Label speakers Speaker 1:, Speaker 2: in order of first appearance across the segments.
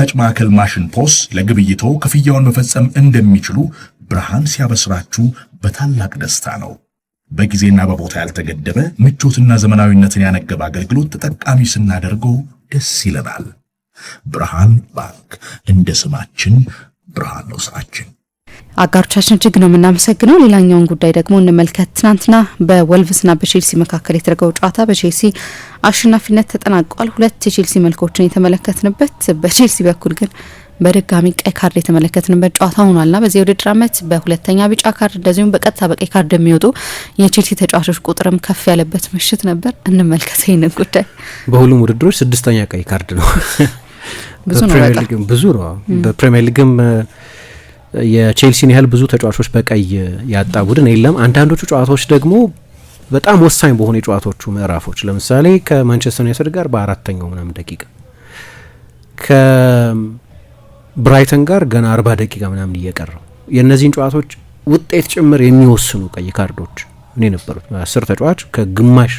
Speaker 1: የሽያጭ ማዕከል ማሽን ፖስ ለግብይቶ ክፍያውን መፈጸም እንደሚችሉ ብርሃን ሲያበስራችሁ በታላቅ ደስታ ነው። በጊዜና በቦታ ያልተገደበ ምቾትና ዘመናዊነትን ያነገበ አገልግሎት ተጠቃሚ ስናደርገው ደስ ይለናል። ብርሃን ባንክ እንደ ስማችን ብርሃን ነው ስራችን።
Speaker 2: አጋሮቻችን እጅግ ነው የምናመሰግነው። ሌላኛውን ጉዳይ ደግሞ እንመልከት። ትናንትና በወልቭስና በቼልሲ መካከል የተደረገው ጨዋታ በቼልሲ አሸናፊነት ተጠናቋል። ሁለት የቼልሲ መልኮችን የተመለከትንበት፣ በቼልሲ በኩል ግን በድጋሚ ቀይ ካርድ የተመለከትንበት ጨዋታ ሆኗልና በዚህ ውድድር ዓመት በሁለተኛ ቢጫ ካርድ እንደዚሁም በቀጥታ በቀይ ካርድ የሚወጡ የቼልሲ ተጫዋቾች ቁጥርም ከፍ ያለበት ምሽት ነበር። እንመልከት ይህንን ጉዳይ።
Speaker 3: በሁሉም ውድድሮች ስድስተኛ ቀይ ካርድ ነው። ብዙ ነው፣ ብዙ ነው። በፕሪሚየር ሊግም የቼልሲን ያህል ብዙ ተጫዋቾች በቀይ ያጣ ቡድን የለም። አንዳንዶቹ ጨዋታዎች ደግሞ በጣም ወሳኝ በሆኑ የጨዋታዎቹ ምዕራፎች ለምሳሌ ከማንቸስተር ዩናይትድ ጋር በአራተኛው ምናምን ደቂቃ ከብራይተን ጋር ገና አርባ ደቂቃ ምናምን እየቀረው የእነዚህን ጨዋታዎች ውጤት ጭምር የሚወስኑ ቀይ ካርዶች እኔ ነበሩት። አስር ተጫዋች ከግማሽ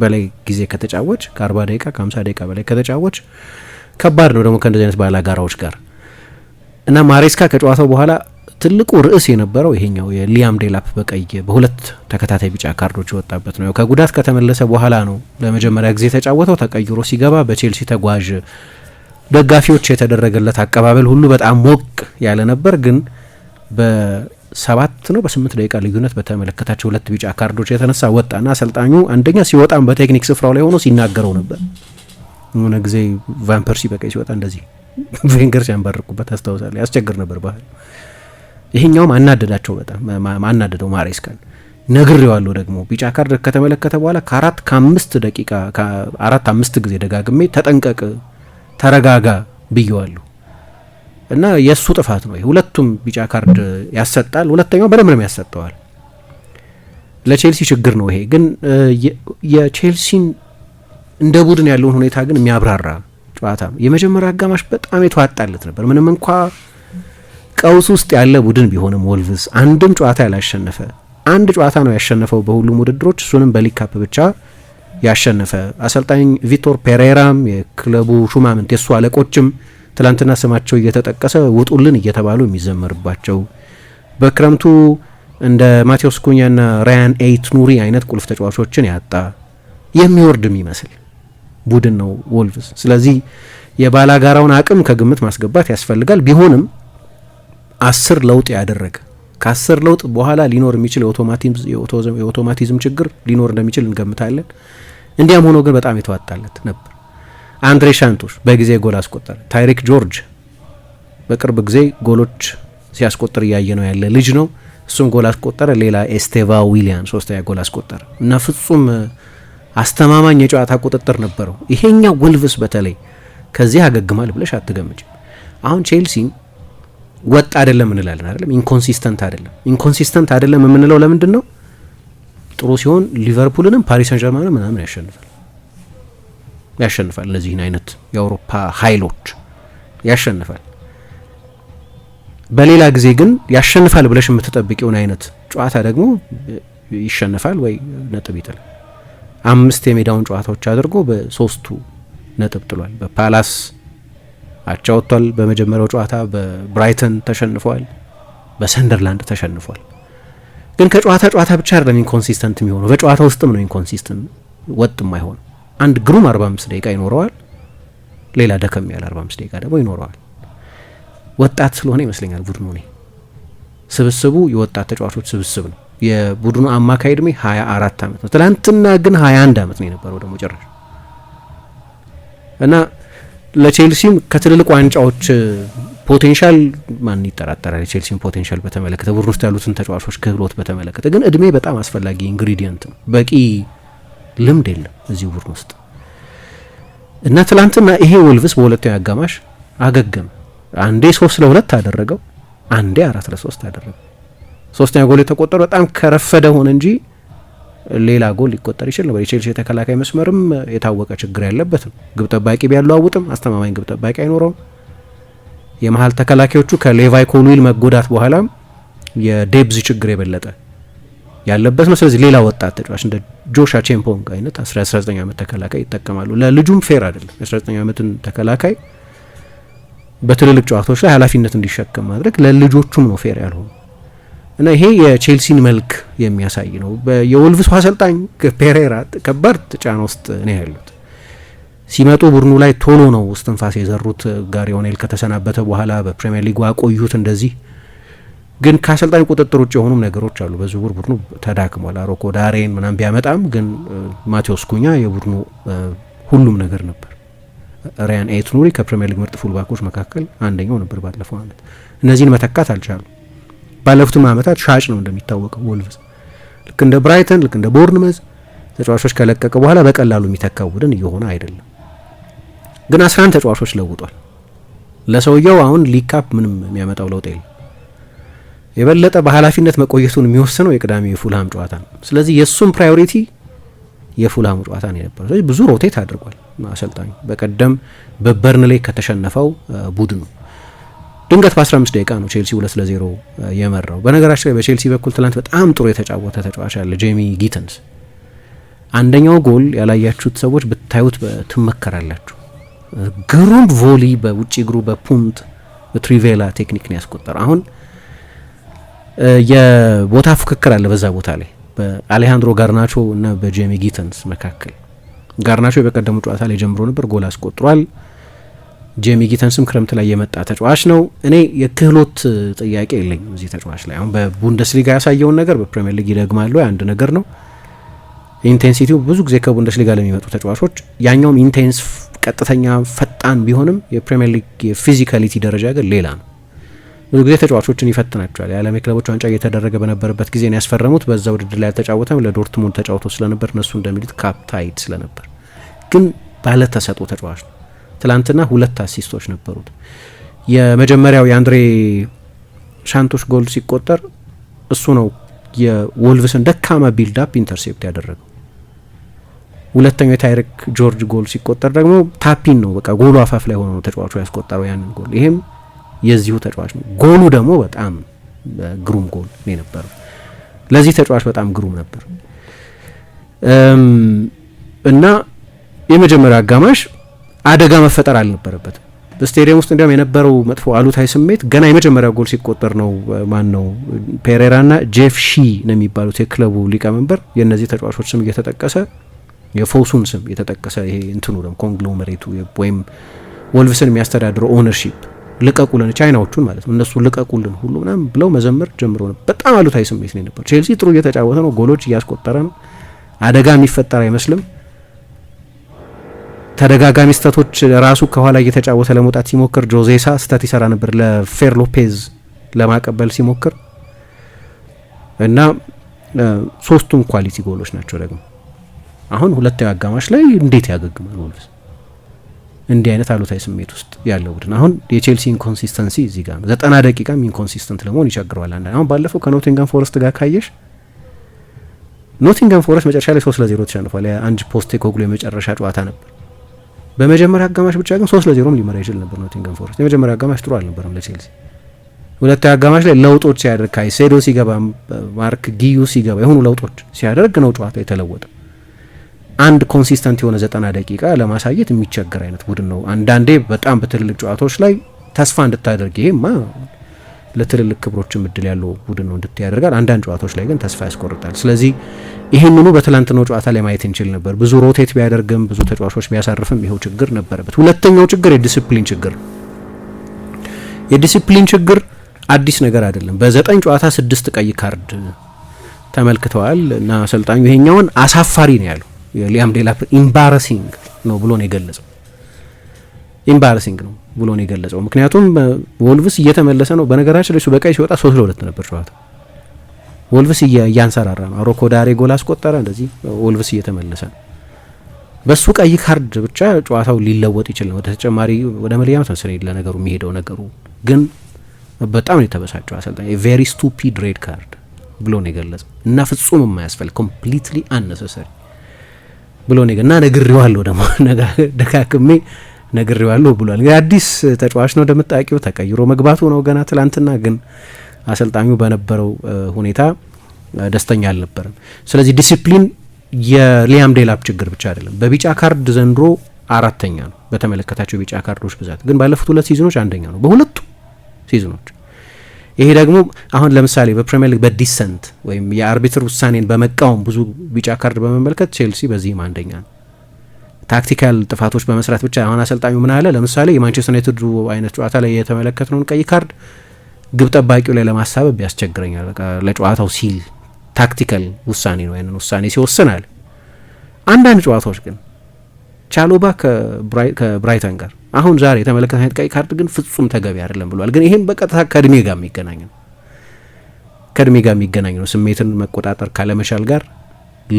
Speaker 3: በላይ ጊዜ ከተጫወች ከአርባ ደቂቃ ከሀምሳ ደቂቃ በላይ ከተጫወች ከባድ ነው ደግሞ ከእንደዚህ አይነት ባላጋራዎች ጋር እና ማሬስካ ከጨዋታው በኋላ ትልቁ ርዕስ የነበረው ይሄኛው የሊያም ዴላፕ በቀይ በሁለት ተከታታይ ቢጫ ካርዶች የወጣበት ነው። ከጉዳት ከተመለሰ በኋላ ነው ለመጀመሪያ ጊዜ የተጫወተው። ተቀይሮ ሲገባ በቼልሲ ተጓዥ ደጋፊዎች የተደረገለት አቀባበል ሁሉ በጣም ሞቅ ያለ ነበር። ግን በሰባት ነው በስምንት ደቂቃ ልዩነት በተመለከታቸው ሁለት ቢጫ ካርዶች የተነሳ ወጣና አሰልጣኙ አንደኛ ሲወጣም በቴክኒክ ስፍራው ላይ ሆኖ ሲናገረው ነበር። የሆነ ጊዜ ቫምፐርሲ በቀይ ሲወጣ እንደዚህ ቬንገር ሲያንባርቁበት አስታውሳለሁ። ያስቸግር ነበር ባህል። ይሄኛውም አናደዳቸው በጣም አናደደው ማሬስካን ነግሬዋለሁ። ደግሞ ቢጫ ካርድ ከተመለከተ በኋላ ከአራት ከአምስት ደቂቃ አራት አምስት ጊዜ ደጋግሜ ተጠንቀቅ፣ ተረጋጋ ብየዋለሁ እና የእሱ ጥፋት ነው። ሁለቱም ቢጫ ካርድ ያሰጣል። ሁለተኛው በደንብ ያሰጠዋል። ለቼልሲ ችግር ነው ይሄ። ግን የቼልሲን እንደ ቡድን ያለውን ሁኔታ ግን የሚያብራራ ጨዋታ ነው። የመጀመሪያ አጋማሽ በጣም የተዋጣለት ነበር። ምንም እንኳ ቀውስ ውስጥ ያለ ቡድን ቢሆንም ወልቭስ አንድም ጨዋታ ያላሸነፈ አንድ ጨዋታ ነው ያሸነፈው በሁሉም ውድድሮች፣ እሱንም በሊግ ካፕ ብቻ ያሸነፈ። አሰልጣኝ ቪቶር ፔሬራም የክለቡ ሹማምንት የእሱ አለቆችም ትላንትና ስማቸው እየተጠቀሰ ውጡልን እየተባሉ የሚዘመርባቸው በክረምቱ እንደ ማቴዎስ ኩኛና ራያን ኤይት ኑሪ አይነት ቁልፍ ተጫዋቾችን ያጣ የሚወርድ የሚመስል ቡድን ነው ወልቭስ። ስለዚህ የባላጋራውን አቅም ከግምት ማስገባት ያስፈልጋል። ቢሆንም አስር ለውጥ ያደረገ ከአስር ለውጥ በኋላ ሊኖር የሚችል የኦቶማቲዝም ችግር ሊኖር እንደሚችል እንገምታለን። እንዲያም ሆኖ ግን በጣም የተዋጣለት ነበር። አንድሬ ሻንቶሽ በጊዜ ጎል አስቆጠረ። ታይሪክ ጆርጅ በቅርብ ጊዜ ጎሎች ሲያስቆጥር እያየ ነው ያለ ልጅ ነው። እሱም ጎል አስቆጠረ። ሌላ ኤስቴቫ ዊሊያን ሶስተኛ ጎል አስቆጠረ እና ፍጹም አስተማማኝ የጨዋታ ቁጥጥር ነበረው። ይሄኛው ወልቭስ በተለይ ከዚህ አገግማል ብለሽ አትገምጭም። አሁን ቼልሲ ወጥ አይደለም እንላለን አይደለም፣ ኢንኮንሲስተንት አይደለም። ኢንኮንሲስተንት አይደለም የምንለው ለምንድን ነው? ጥሩ ሲሆን ሊቨርፑልንም ፓሪስ ሰን ጀርማንም ምናምን ያሸንፋል ያሸንፋል እነዚህን አይነት የአውሮፓ ኃይሎች ያሸንፋል። በሌላ ጊዜ ግን ያሸንፋል ብለሽ የምትጠብቂውን አይነት ጨዋታ ደግሞ ይሸንፋል ወይ ነጥብ ይጥላል። አምስት የሜዳውን ጨዋታዎች አድርጎ በሶስቱ ነጥብ ጥሏል። በፓላስ አቻ ወጥቷል። በመጀመሪያው ጨዋታ በብራይተን ተሸንፏል፣ በሰንደርላንድ ተሸንፏል። ግን ከጨዋታ ጨዋታ ብቻ አይደለም ኢንኮንሲስተንት የሚሆነው በጨዋታ ውስጥም ነው ኢንኮንሲስተንት ወጥ የማይሆነው። አንድ ግሩም 45 ደቂቃ ይኖረዋል፣ ሌላ ደከም ያለ 45 ደቂቃ ደግሞ ይኖረዋል። ወጣት ስለሆነ ይመስለኛል ቡድኑ እኔ ስብስቡ የወጣት ተጫዋቾች ስብስብ ነው። የቡድኑ አማካይ እድሜ 24 ዓመት ነው። ትላንትና ግን 21 ዓመት ነው የነበረው ደግሞ ጭራሽ እና ለቼልሲም ከትልልቅ ዋንጫዎች ፖቴንሻል ማን ይጠራጠራል? የቼልሲን ፖቴንሻል በተመለከተ ቡድን ውስጥ ያሉትን ተጫዋቾች ክህሎት በተመለከተ ግን እድሜ በጣም አስፈላጊ ኢንግሪዲየንት ነው። በቂ ልምድ የለም እዚህ ቡድን ውስጥ እና ትላንትና ይሄ ወልቭስ በሁለተኛ አጋማሽ አገገም። አንዴ ሶስት ለሁለት አደረገው፣ አንዴ አራት ለሶስት አደረገው። ሶስተኛ ጎል የተቆጠሩ በጣም ከረፈደ ሆነ እንጂ ሌላ ጎል ሊቆጠር ይችል ነበር። የቼልሲ የተከላካይ መስመርም የታወቀ ችግር ያለበት ነው። ግብ ጠባቂ ቢያለዋውጥም አስተማማኝ ግብ ጠባቂ አይኖረውም። የመሀል ተከላካዮቹ ከሌቫይ ኮልዊል መጎዳት በኋላም የዴብዝ ችግር የበለጠ ያለበት ነው። ስለዚህ ሌላ ወጣት ተጫዋች እንደ ጆሻ ቼምፖንግ አይነት 19 ዓመት ተከላካይ ይጠቀማሉ። ለልጁም ፌር አይደለም። 19 ዓመትን ተከላካይ በትልልቅ ጨዋታዎች ላይ ኃላፊነት እንዲሸከም ማድረግ ለልጆቹም ነው ፌር ያልሆኑ እና ይሄ የቼልሲን መልክ የሚያሳይ ነው። የወልቭሱ አሰልጣኝ ፔሬራ ከባድ ጫና ውስጥ ነው ያሉት። ሲመጡ ቡድኑ ላይ ቶሎ ነው እስትንፋስ የዘሩት። ጋሪ ኦኔል ከተሰናበተ በኋላ በፕሪሚየር ሊጉ አቆዩት። እንደዚህ ግን ከአሰልጣኝ ቁጥጥር ውጭ የሆኑም ነገሮች አሉ። በዝውውር ቡድኑ ተዳክሟል። አሮኮ ዳሬን ምናም ቢያመጣም ግን ማቴዎስ ኩኛ የቡድኑ ሁሉም ነገር ነበር። ሪያን ኤት ኑሪ ከፕሪሚየር ሊግ ምርጥ ፉልባኮች መካከል አንደኛው ነበር ባለፈው አመት። እነዚህን መተካት አልቻሉም። ባለፉትም ዓመታት ሻጭ ነው እንደሚታወቀው ወልቭስ ልክ እንደ ብራይተን ልክ እንደ ቦርንመዝ ተጫዋቾች ከለቀቀ በኋላ በቀላሉ የሚተካ ቡድን እየሆነ አይደለም። ግን 11 ተጫዋቾች ለውጧል። ለሰውየው አሁን ሊካፕ ምንም የሚያመጣው ለውጥ የለም። የበለጠ በኃላፊነት መቆየቱን የሚወስነው የቅዳሜ የፉልሃም ጨዋታ ነው። ስለዚህ የእሱም ፕራዮሪቲ የፉልሃም ጨዋታ ነው የነበረው። ብዙ ሮቴት አድርጓል አሰልጣኙ በቀደም በበርንሌይ ከተሸነፈው ቡድኑ ድንገት በ15 ደቂቃ ነው ቼልሲ ሁለት ለዜሮ የመራው። በነገራችን ላይ በቼልሲ በኩል ትናንት በጣም ጥሩ የተጫወተ ተጫዋች ያለ ጄሚ ጊተንስ። አንደኛው ጎል ያላያችሁት ሰዎች ብታዩት ትመከራላችሁ። ግሩም ቮሊ በውጭ እግሩ በፑንት በትሪቬላ ቴክኒክ ነው ያስቆጠረ። አሁን የቦታ ፉክክር አለ በዛ ቦታ ላይ በአሌሃንድሮ ጋርናቾ እና በጄሚ ጊተንስ መካከል። ጋርናቾ የበቀደሙ ጨዋታ ላይ ጀምሮ ነበር፣ ጎል አስቆጥሯል። ጄሚ ጊተንስም ክረምት ላይ የመጣ ተጫዋች ነው። እኔ የክህሎት ጥያቄ የለኝም እዚህ ተጫዋች ላይ። አሁን በቡንደስሊጋ ያሳየውን ነገር በፕሪምየር ሊግ ይደግማሉ አንድ ነገር ነው። ኢንቴንሲቲው ብዙ ጊዜ ከቡንደስሊጋ ለሚመጡ ተጫዋቾች ያኛውም ኢንቴንስ ቀጥተኛ ፈጣን ቢሆንም የፕሪምየር ሊግ የፊዚካሊቲ ደረጃ ግን ሌላ ነው። ብዙ ጊዜ ተጫዋቾችን ይፈትናቸዋል። የዓለም የክለቦች ዋንጫ እየተደረገ በነበረበት ጊዜ ነው ያስፈረሙት። በዛ ውድድር ላይ አልተጫወተም። ለዶርትሙንድ ተጫውቶ ስለነበር እነሱ እንደሚሉት ካፕታይድ ስለነበር፣ ግን ባለተሰጥኦ ተጫዋች ነው። ትላንትና ሁለት አሲስቶች ነበሩት። የመጀመሪያው የአንድሬ ሻንቶሽ ጎል ሲቆጠር እሱ ነው የወልቭስን ደካማ ቢልዳፕ ኢንተርሴፕት ያደረገው። ሁለተኛው የታይሪክ ጆርጅ ጎል ሲቆጠር ደግሞ ታፒን ነው በቃ ጎሉ አፋፍ ላይ ሆኖ ተጫዋቹ ያስቆጠረው ያንን ጎል። ይሄም የዚሁ ተጫዋች ነው። ጎሉ ደግሞ በጣም ግሩም ጎል ነው የነበረው። ለዚህ ተጫዋች በጣም ግሩም ነበር እና የመጀመሪያው አጋማሽ አደጋ መፈጠር አልነበረበትም። በስቴዲየም ውስጥ እንዲያውም የነበረው መጥፎ አሉታዊ ስሜት ገና የመጀመሪያ ጎል ሲቆጠር ነው። ማን ነው ፔሬራና ጄፍ ሺ ነው የሚባሉት የክለቡ ሊቀመንበር የእነዚህ ተጫዋቾች ስም እየተጠቀሰ የፎሱን ስም እየተጠቀሰ ይሄ እንትኑ ደግሞ ኮንግሎመሬቱ ወይም ወልቭስን የሚያስተዳድረው ኦነርሺፕ ልቀቁልን፣ ቻይናዎቹን ማለት ነው እነሱ ልቀቁልን ሁሉ ምናምን ብለው መዘመር ጀምሮ ነው። በጣም አሉታዊ ስሜት ነው የነበረው። ቼልሲ ጥሩ እየተጫወተ ነው፣ ጎሎች እያስቆጠረ ነው። አደጋ የሚፈጠር አይመስልም። ተደጋጋሚ ስተቶች ራሱ ከኋላ እየተጫወተ ለመውጣት ሲሞክር ጆዜሳ ስተት ይሰራ ነበር፣ ለፌር ሎፔዝ ለማቀበል ሲሞክር እና ሶስቱም ኳሊቲ ጎሎች ናቸው። ደግሞ አሁን ሁለተኛው አጋማሽ ላይ እንዴት ያገግማል ወልቭስ እንዲህ አይነት አሉታዊ ስሜት ውስጥ ያለው ቡድን። አሁን የቼልሲ ኢንኮንሲስተንሲ እዚህ ጋር ነው። ዘጠና ደቂቃም ኢንኮንሲስተንት ለመሆን ይቸግረዋል። አንዳ አሁን ባለፈው ከኖቲንገም ፎረስት ጋር ካየሽ ኖቲንገም ፎረስት መጨረሻ ላይ ሶስት ለዜሮ ተሸንፏል። የአንጅ ኮግሎ የመጨረሻ ጨዋታ ነበር። በመጀመሪያ አጋማሽ ብቻ ግን ሶስት ለዜሮም ሊመራ ይችል ነበር ኖቲንገም ፎረስት። የመጀመሪያ አጋማሽ ጥሩ አልነበረም ለቼልሲ። ሁለተኛ አጋማሽ ላይ ለውጦች ሲያደርግ ካይሴዶ ሲገባ፣ ማርክ ጊዩ ሲገባ የሆኑ ለውጦች ሲያደርግ ነው ጨዋታ የተለወጠ። አንድ ኮንሲስተንት የሆነ ዘጠና ደቂቃ ለማሳየት የሚቸገር አይነት ቡድን ነው። አንዳንዴ በጣም በትልልቅ ጨዋታዎች ላይ ተስፋ እንድታደርግ ይሄማ ለትልልቅ ክብሮችም እድል ያለው ቡድን ነው እንድት ያደርጋል። አንዳንድ ጨዋታዎች ላይ ግን ተስፋ ያስቆርጣል። ስለዚህ ይህንኑ በትላንትናው ጨዋታ ላይ ማየት እንችል ነበር። ብዙ ሮቴት ቢያደርግም ብዙ ተጫዋቾች ቢያሳርፍም ይኸው ችግር ነበረበት። ሁለተኛው ችግር የዲስፕሊን ችግር የዲሲፕሊን ችግር አዲስ ነገር አይደለም። በዘጠኝ ጨዋታ ስድስት ቀይ ካርድ ተመልክተዋል እና አሰልጣኙ ይሄኛውን አሳፋሪ ነው ያሉ የሊያም ዴላፕ ኢምባረሲንግ ነው ብሎ ነው የገለጸው። ኢምባረሲንግ ነው ብሎ ነው የገለጸው። ምክንያቱም ወልቭስ እየተመለሰ ነው። በነገራችን ላይ እሱ በቀይ ሲወጣ ሶስት ለሁለት ነበር ጨዋታ። ወልቭስ እያንሰራራ ነው። አሮኮ ዳሬ ጎል አስቆጠረ። እንደዚህ ወልቭስ እየተመለሰ ነው። በሱ ቀይ ካርድ ብቻ ጨዋታው ሊለወጥ ይችላል። ወደ ተጨማሪ ወደ መለያ ምት መስለኝ ለነገሩ የሚሄደው ነገሩ ግን በጣም ነው የተበሳጨው አሰልጣኝ። ቬሪ ስቱፒድ ሬድ ካርድ ብሎ ነው የገለጸው እና ፍጹም የማያስፈል ኮምፕሊትሊ አነሰሰሪ ብሎ ነው እና ነግሬዋለሁ ደግሞ ደጋግሜ ነግሬዋለሁ ብሏል። እንግዲህ አዲስ ተጫዋች ነው እንደምታውቂው፣ ተቀይሮ መግባቱ ነው ገና ትላንትና። ግን አሰልጣኙ በነበረው ሁኔታ ደስተኛ አልነበረም። ስለዚህ ዲሲፕሊን የሊያም ዴላፕ ችግር ብቻ አይደለም። በቢጫ ካርድ ዘንድሮ አራተኛ ነው በተመለከታቸው ቢጫ ካርዶች ብዛት፣ ግን ባለፉት ሁለት ሲዝኖች አንደኛ ነው በሁለቱ ሲዝኖች። ይሄ ደግሞ አሁን ለምሳሌ በፕሪሚየር ሊግ በዲሰንት ወይም የአርቢትር ውሳኔን በመቃወም ብዙ ቢጫ ካርድ በመመልከት ቼልሲ በዚህም አንደኛ ነው። ታክቲካል ጥፋቶች በመስራት ብቻ አሁን አሰልጣኙ ምን አለ፣ ለምሳሌ የማንቸስተር ዩናይትድ አይነት ጨዋታ ላይ የተመለከትነውን ቀይ ካርድ ግብ ጠባቂው ላይ ለማሳበብ ያስቸግረኛል። ለጨዋታው ሲል ታክቲካል ውሳኔ ነው፣ ያንን ውሳኔ ሲወስናል። አንዳንድ ጨዋታዎች ግን ቻሎባ ከብራይተን ጋር አሁን ዛሬ የተመለከተ አይነት ቀይ ካርድ ግን ፍጹም ተገቢ አይደለም ብሏል። ግን ይሄም በቀጥታ ከእድሜ ጋር የሚገናኝ ነው ከእድሜ ጋር የሚገናኝ ነው። ስሜትን መቆጣጠር ካለመቻል ጋር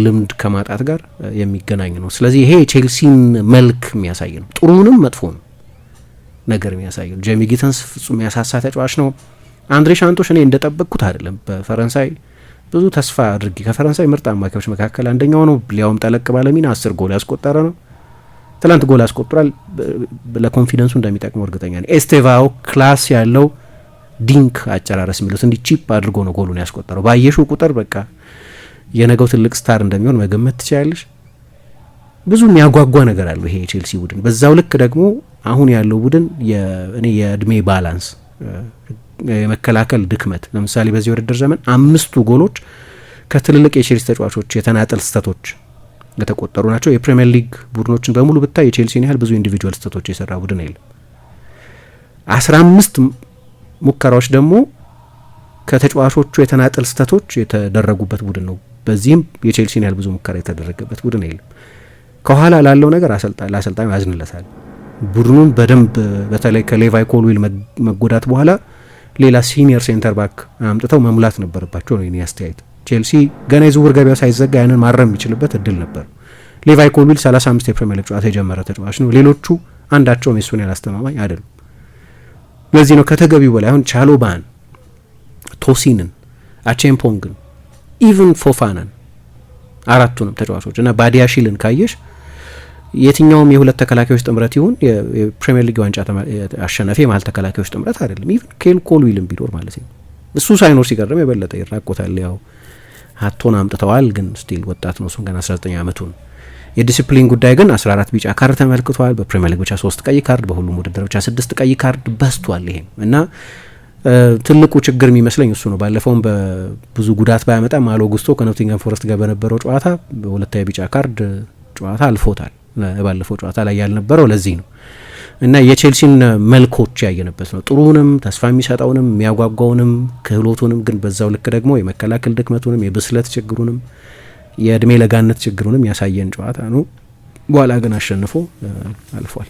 Speaker 3: ልምድ ከማጣት ጋር የሚገናኝ ነው። ስለዚህ ይሄ የቼልሲን መልክ የሚያሳይ ነው፣ ጥሩንም መጥፎን ነገር የሚያሳይ ነው። ጄሚ ጊተንስ ፍጹም ያሳሳ ተጫዋች ነው። አንድሬ ሻንቶሽ እኔ እንደጠበቅኩት አይደለም። በፈረንሳይ ብዙ ተስፋ አድርጌ ከፈረንሳይ ምርጥ አማካዮች መካከል አንደኛው ነው። ሊያውም ጠለቅ ባለሚና አስር ጎል ያስቆጠረ ነው። ትላንት ጎል አስቆጥሯል። ለኮንፊደንሱ እንደሚጠቅመው እርግጠኛ ነው። ኤስቴቫው ክላስ ያለው ዲንክ አጨራረስ የሚሉት እንዲህ ቺፕ አድርጎ ነው ጎሉን ያስቆጠረው። ባየሹ ቁጥር በቃ የነገው ትልቅ ስታር እንደሚሆን መገመት ትችላለች። ብዙ የሚያጓጓ ነገር አለው ይሄ የቼልሲ ቡድን። በዛው ልክ ደግሞ አሁን ያለው ቡድን እኔ የእድሜ ባላንስ የመከላከል ድክመት፣ ለምሳሌ በዚህ ውድድር ዘመን አምስቱ ጎሎች ከትልልቅ የቼልሲ ተጫዋቾች የተናጠል ስህተቶች የተቆጠሩ ናቸው። የፕሪምየር ሊግ ቡድኖችን በሙሉ ብታይ የቼልሲን ያህል ብዙ ኢንዲቪጁዋል ስህተቶች የሰራ ቡድን የለም። አስራ አምስት ሙከራዎች ደግሞ ከተጫዋቾቹ የተናጠል ስህተቶች የተደረጉበት ቡድን ነው። በዚህም የቼልሲን ያህል ብዙ ሙከራ የተደረገበት ቡድን የለም። ከኋላ ላለው ነገር ለአሰልጣኙ ያዝንለታል። ቡድኑን በደንብ በተለይ ከሌቫይ ኮልዊል መጎዳት በኋላ ሌላ ሲኒየር ሴንተር ባክ አምጥተው መሙላት ነበረባቸው ነው አስተያየት። ቼልሲ ገና የዝውውር ገበያው ሳይዘጋ ያንን ማረም የሚችልበት እድል ነበር። ሌቫይ ኮልዊል 35 የፕሪሚየር ሊግ ጨዋታ የጀመረ ተጫዋች ነው። ሌሎቹ አንዳቸውም የሱን ያህል አስተማማኝ አይደሉም። ለዚህ ነው ከተገቢው በላይ አሁን ቻሎባን፣ ቶሲንን፣ አቼምፖንግን ኢቭን ፎፋናን አራቱንም ተጫዋቾች እና ባዲያሺልን ካየሽ የትኛውም የሁለት ተከላካዮች ጥምረት ይሁን የፕሪምየር ሊግ ዋንጫ አሸናፊ የመሀል ተከላካዮች ጥምረት አይደለም። ኢቭን ኬል ኮልዊልም ቢኖር ማለት ነው። እሱ ሳይኖር ሲቀርም የበለጠ ይራቆታል። ያው ሀቶን አምጥተዋል፣ ግን ስቲል ወጣት ነው። እሱን ገና 19 አመቱን የዲሲፕሊን ጉዳይ ግን 14 ቢጫ ካርድ ተመልክቷል። በፕሪምየር ሊግ ብቻ ሶስት ቀይ ካርድ፣ በሁሉም ውድድር ብቻ ስድስት ቀይ ካርድ በስቷል። ይሄም እና ትልቁ ችግር የሚመስለኝ እሱ ነው። ባለፈውም በብዙ ጉዳት ባያመጣም አሎ ኦጉስቶ ከኖቲንገም ፎረስት ጋር በነበረው ጨዋታ በሁለታዊ ቢጫ ካርድ ጨዋታ አልፎታል። ባለፈው ጨዋታ ላይ ያልነበረው ለዚህ ነው እና የቼልሲን መልኮች ያየንበት ነው። ጥሩውንም ተስፋ የሚሰጠውንም የሚያጓጓውንም ክህሎቱንም ግን በዛው ልክ ደግሞ የመከላከል ድክመቱንም የብስለት ችግሩንም የእድሜ ለጋነት ችግሩንም ያሳየን ጨዋታ ነው። በኋላ ግን አሸንፎ አልፏል።